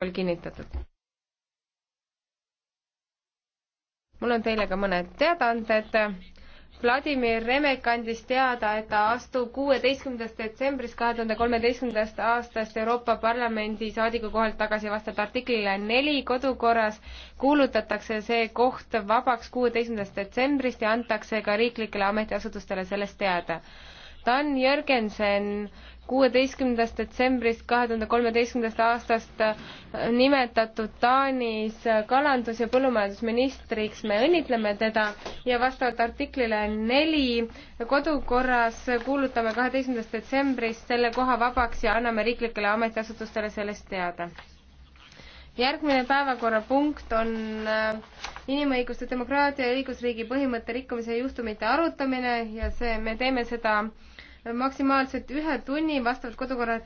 pool kinnitatud. mul on teile ka mõned teadaanded. Vladimir Remek andis teada, et ta astub kuueteistkümnendast detsembrist kahe tuhande kolmeteistkümnendast aastast Euroopa Parlamendi saadiku kohalt tagasi vastavalt artiklile neli kodukorras. kuulutatakse see koht vabaks kuueteistkümnendast detsembrist ja antakse ka riiklikele ametiasutustele sellest teada. Dan Jörgensen kuueteistkümnendast detsembrist kahe tuhande kolmeteistkümnendast aastast äh, nimetatud Taanis äh, kalandus- ja põllumajandusministriks. me õnnitleme teda ja vastavalt artiklile neli kodukorras kuulutame kaheteistkümnendast detsembrist selle koha vabaks ja anname riiklikele ametiasutustele sellest teada. järgmine päevakorrapunkt on äh, inimõiguste, demokraatia ja õigusriigi põhimõtte rikkumise juhtumite arutamine ja see, me teeme seda maksimaalselt ühe tunni vastavalt kodukorra